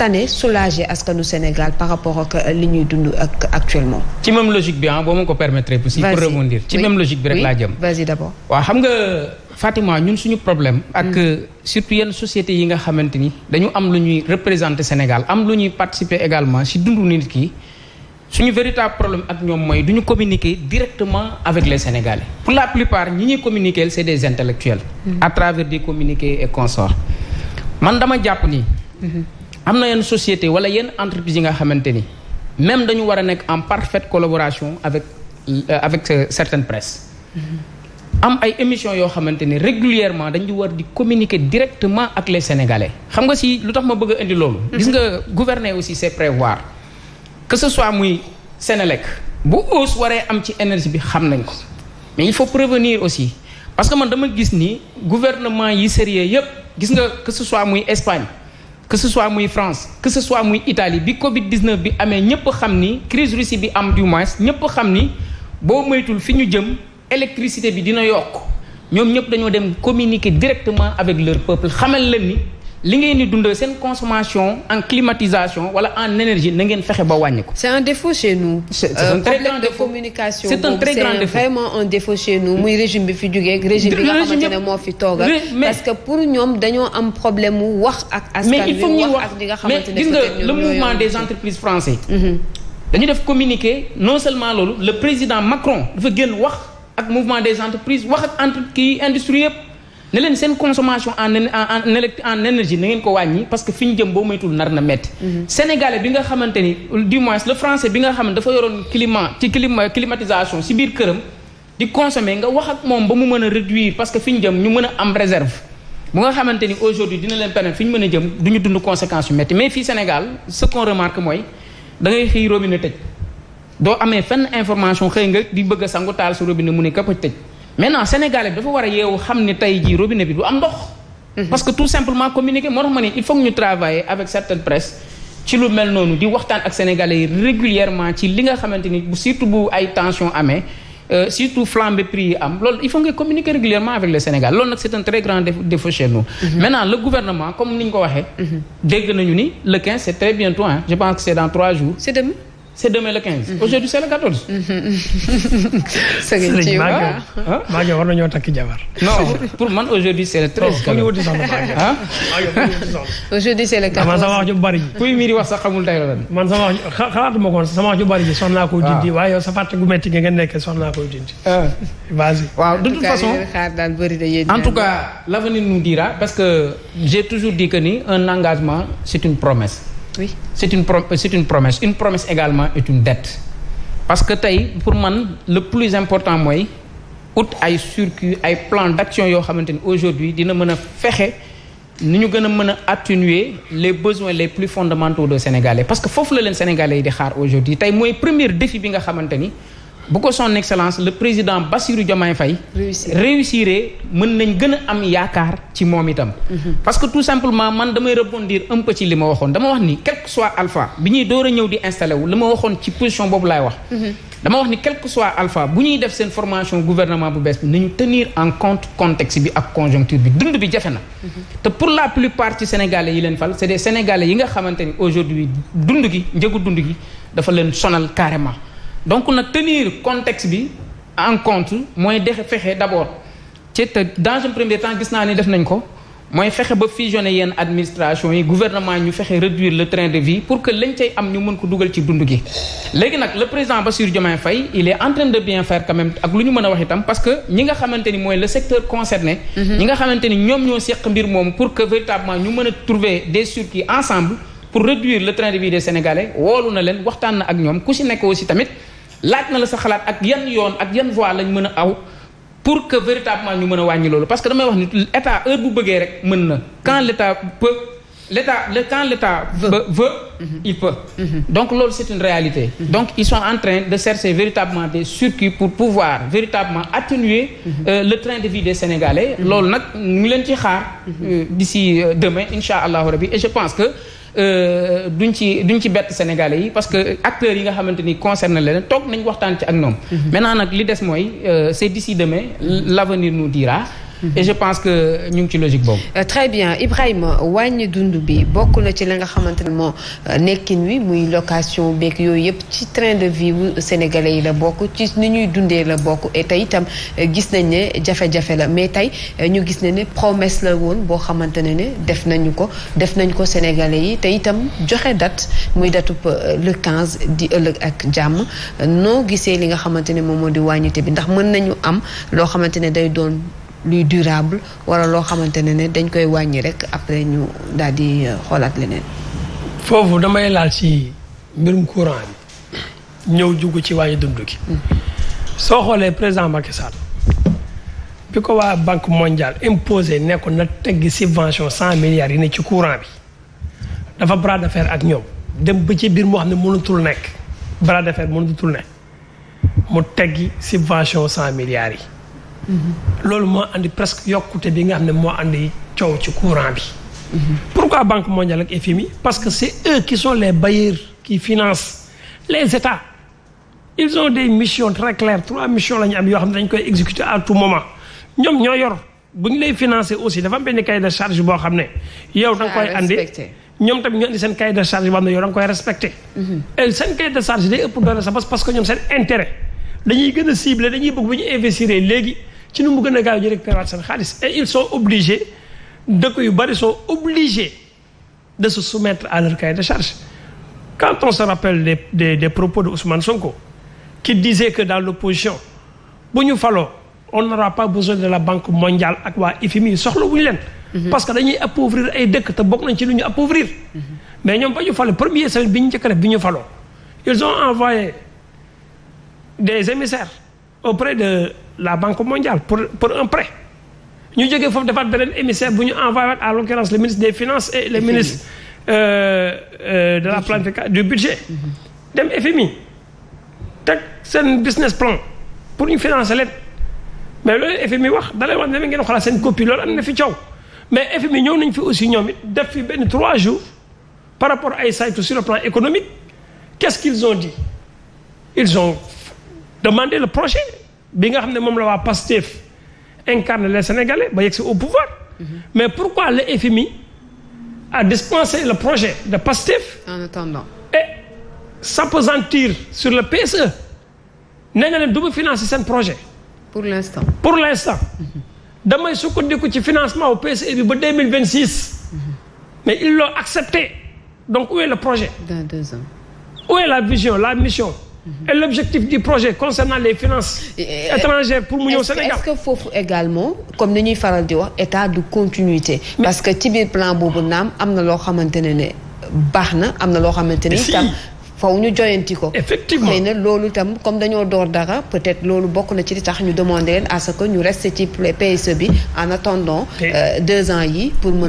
tane soulager askanu Sénégal par rapport ak euh, li ñuy dund ak actuellement. ci même logique bi ah boo ma ko permettre aussi pour rebondir ci même logique bi rek laa jëm. vas xam nga Fatima ñun suñu problème. ak hmm. euh, surtout yenn sociétés yi nga xamante ni dañu am lu ñuy représenter Sénégal am lu ñuy participer également si dundu nit ki. suñu véritable problème ak ñoom mooy du ñu communiquer directement avec les Sénégalais pour la plupart ñi ñuy communiquer c'est des intellectuels hmm. des communiqués am na yenn société wala yenn entreprise yi nga xamante ni même dañu war a nekk en parfaite collaboration avec euh, avec euh, certaines presse mm-hmm. am ay émissions yoo xamante ni régulièrement dañu war di communiquer directement ak les sénégalais xam nga si lu tax ma bëgg a indi loolu mm-hmm. gis nga gouverner aussi c'est prévoir que ce soit muy Sénélec bu hausse waree am ci énergie bi xam nañ ko mais il faut prévenir aussi parce que man dama gis ni gouvernement yi sérieux yépp gis nga que ce soit Espagne que ce soit muy France que ce soit muy Italie bi Covid 19 bi amee ñëpp xam ni crise Russie bi am du moins ñëpp xam ni boo moytul fi ñu jëm électricité bi dina yokk ñoom ñëpp dañoo dem communiquer directement avec leur peuple xamal leen ni. li ngeen di dundee seen consommation en climatisation wala en énergie na ngeen fexe ba wàññi ko. c'est un défaut chez nous. c'est un euh, très communication c'est un très grand défaut c'est vraiment un défaut chez nous muy régime bi fi jugee régime bi nga xamante moo fi toogal. parce que pour ñoom dañoo am problème mu wax ak. askan wi wax ak li nga xamante ne mais il faut ñu nga le mouvement des entreprises français. Mhm. dañu def communiqué non seulement loolu le président Macron dafa génn wax ak mouvement des entreprises wax ak entre kii industrie yëpp. ne leen seen consommation en en en énergie na ngeen ko wàññi parce que fi ñu jëm boo moytul nar na metti mhm. sénégalais bi nga xamante ni du moins le français bi nga xam ne dafa yoroon climat ci climat climatisation si biir këram di consommer nga wax ak moom ba mu mën a réduire parce que fi ñu jëm ñu mën a am réserve bu nga xamante ni aujourd'hui dina leen permettre fi ñu mën a jëm du ñu dund conséquence yu métti mais fii Sénégal ce qu'on remarque mooy da ngay xëy robinet tëj doo amee fenn information xëy nga di bëgg a taal sa robinet mu ne këpp tëj maintenant sénégalais dafa war a yeewu xam ne tey jii robinet bi du am ndox. Mhm. parce que tout simplement communiquer moo tax ma ne il faut ñu travailler avec certaines presse ci lu mel noonu di waxtaan ak sénégalais régulièrement ci li nga xamante ni bu surtout bu ay tension amee. Euh, surtout flambé prix yi am loolu il faut nga communiquer régulièrement avec le Sénégal loolu nag c'est un très grand défaut chez nous. Mm -hmm. gouvernement comme ni ñu ko waxee. Mhm. dégg nañu c'est demain le 15. Mm-hmm. aujourd'hui c'est le 14. sëñ bi maa ngi war nañoo takk jabar. non pour man aujourd'hui c'est le 13. kon wuti soxna maa aujourd'hui c'est le man sama wax ju bari ji. kuy miiri wax sax xamul tey man sama wax xalaatuma ko sama wax ju bari ji soxnaa koo ah. dindi. waaye sa fàtte gu metti nga nekk soxnaa koo dindi. Ah. vas waaw de toute façon en tout cas l'avenir nous dira parce que j'ai toujours dit que ni un engagement c'est une promesse. oui c'est une pro c'est une promesse une promesse également est une dette parce que tey pour man le plus important mooy ut ay circuit ay plan d'action yoo xamante ni aujourd'hui dina mën a fexe ni ñu gën a mën a atténuer les besoins les plus fondamentaux des Sénégalais parce que foofu la leen Sénégalais yi di xaar aujourd'hui tey mooy premier défi bi nga xamante ni bu ko son excellence le président Bassirou Diomaye fay réussiré mën nañ gën a am yaakaar ci moom itam mhm. parce que tout simplement man damay repondir un li ma waxoon dama wax ni quel que soit alpha bi ñuy door a ñëw di installé wu li ma waxoon ci position boobu laay wax mhm. dama wax ni quel que soit alpha bu ñuy def seen formation gouvernement bu bees bi nañu tenir en compte contexte bi ak conjoncture bi dund bi jafe na mhm. te pour la plupart ci sénégalais yi leen fal c'est des sénégalais yi nga xamante ni aujourd'hui dund gi njëgu dund gi dafa leen sonal carrément donc nag tenir contexte bi en compte mooy dexe fexe d' abord ci te dans un premier temps gis naa ni def nañ ko mooy fexe ba fusionner yenn administration yi gouvernement ñu fexe réduire le train de vie pour que lañ cay am ñu mën ko dugal ci dund gi. léegi nag le président Bassirou Diomaye Faye il est en train de bien faire quand même ak lu ñu mën a wax itam parce que ñi nga xamante ni mooy le secteur concerné. Mhm. ñi nga xamante ni ñoom ñoo seq mbir moom pour qu véritablement ñu mën a trouver des circuits ensemble pour réduire le train de vie des Sénégalais na leen waxtaan ak ñoom ku si nekk aussi tamit. laaj na la sa xalaat ak yan yoon ak yan voie lañ mën a aw pour que véritablement ñu mën a wàññi loolu parce que damay wax ni état heure bu bëggee rek mën na quand l' état peut le quand l' état veut, veut mhm. il peut mhm. donc loolu c' est une réalité mhm. donc ils sont en train de chercher véritablement des circuits pour pouvoir véritablement atténuer euh, le train de vie des Sénégalais loolu nag ñu leen ci xaar euh, d'ici euh, demain insha allahu rabbi et je pense que Euh, duñ ci duñ ci bett Sénégalais yi parce que acteurs yi nga xamante ni concerné leen toog nañ waxtaan ci ak ñoom. Mhm. maintenant nag li des mooy euh, c'est si demain l'avenir nous dira. et je pense que ñu ngi ci logique boobu. Euh, très bien Ibrahima wàññi dund bi bokk na ci la nga xamante ne moo euh, nekkin wi muy location beeg yooyu yëpp ci train de vie wu sénégalais yi la bokk ci ni ñuy dundee la bokk et tey itam euh, gis nañ ne jafe la mais tey ñu gis ne ne promesse la woon boo xamante ne ne def nañu ko def nañ ko sénégalais yi te itam joxe date muy datu le di ëllëg ak jàmm noo gisee li nga xamante ne moom moo di wàññite bi ndax mën nañu am loo xamante ne day doon. luy durable wala loo xamante ne ne dañ koy wàññi rek après ñu daal di euh, xoolaat leneen. foofu damay laal ci mbirum courant bi ñëw jugg ci wàññi dund gi. Mm. soo xoolee président Macky Sall bi ko waa banque mondiale imposé nekkoon na teggi subvention cent milliards yi ne ci courant bi dafa bras de fer ak ñëw dem ba ci biir moo xam ne mënutul nekk bras de fer mënutul nekk mu teggi subvention cent milliards yi. loolu moo andi presque yokkute bi nga xam ne moo andi coow ci courant bi. pourquoi Banque mondiale ak FMI parce que c'est eux qui sont les bailleurs qui financent les États. ils ont des missions très claires trois missions la ñu am yoo xam ne dañ koy exécuter à tout moment ñoom ñoo yor bu ñu lay financer aussi dafa am benn cahier de charge boo xam ne. yow da nga koy ah, andi ñoom tamit ñu andi seen cahier de charge boo xam ne yow da koy respecter. Mm-hmm. et seen cahier de charge day ëpp doole sa bos parce que ñoom seen intérêt dañuy gën a ciblé dañuy bëgg bu ñu investir léegi. ci nu mu gën a gaaw ñu récupérer waat seen xaalis et ils sont obligés dëkk yu bari soo obligés de se soumettre à leur cahier de charge quand on se rappelle des des, des propos de Ousmane Sonko qui disait que dans l'opposition bu ñu faloo on n'aura pas besoin de la banque mondiale ak waa IFMI soxla wuñu leen mhm. parce que dañuy appauvrir ay dëkk te bokk nañ ci lu ñu appauvrir mhm. mais ñoom ba ñu falo première semaine bi ñu njëkk a bi ñu faloo ils ont envoyé des émissaires auprès de la banque mondiale pour pour un prêt ñu jógee foofu defaat beneen émissaire bu ñu envoyé waat à l'occurrence le ministre des finances et le ministre euh, euh, de la planification du budget mm-hmm. dem FMI teg seen business plan pour ñu finance leen mais loolu FMI wax da lay wax ne ngeen xoolal seen copie loolu am na fi coow mais FMI ñëw nañ fi aussi ñoom def fi benn trois jours par rapport ay saytu sur le plan économique qu'est-ce qu'ils ont dit ils ont demandé le projet bi nga xam ne moom la waa Pastef incarne les Sénégalais ba yegsi au pouvoir mais pourquoi le FMI a dispensé le projet de Pastef en attendant et s'appesantir sur le PSE nee na leen du financer seen projet pour l'instant pour l'instant damay sukkandiku ci financement au PSE bi ba 2026 mais ils l'ont accepté donc où est le projet dans deux est la vision la mission et l'objectif du projet concernant les finances étrangères pour mu ñëw Sénégal. est que foofu également comme ni ñuy faral di wax état de continuité. parce que ci biir plan boobu naam am na loo xamante ne ne baax na am na loo xamante ne itam. faw ñu joyanti ko. effectivement xëy na loolu itam comme dañoo door dara peut-être loolu bokk na ci li tax ñu demandé leen à que ñu reste ci PSE bi en attendant. Euh, deux ans yi pour mën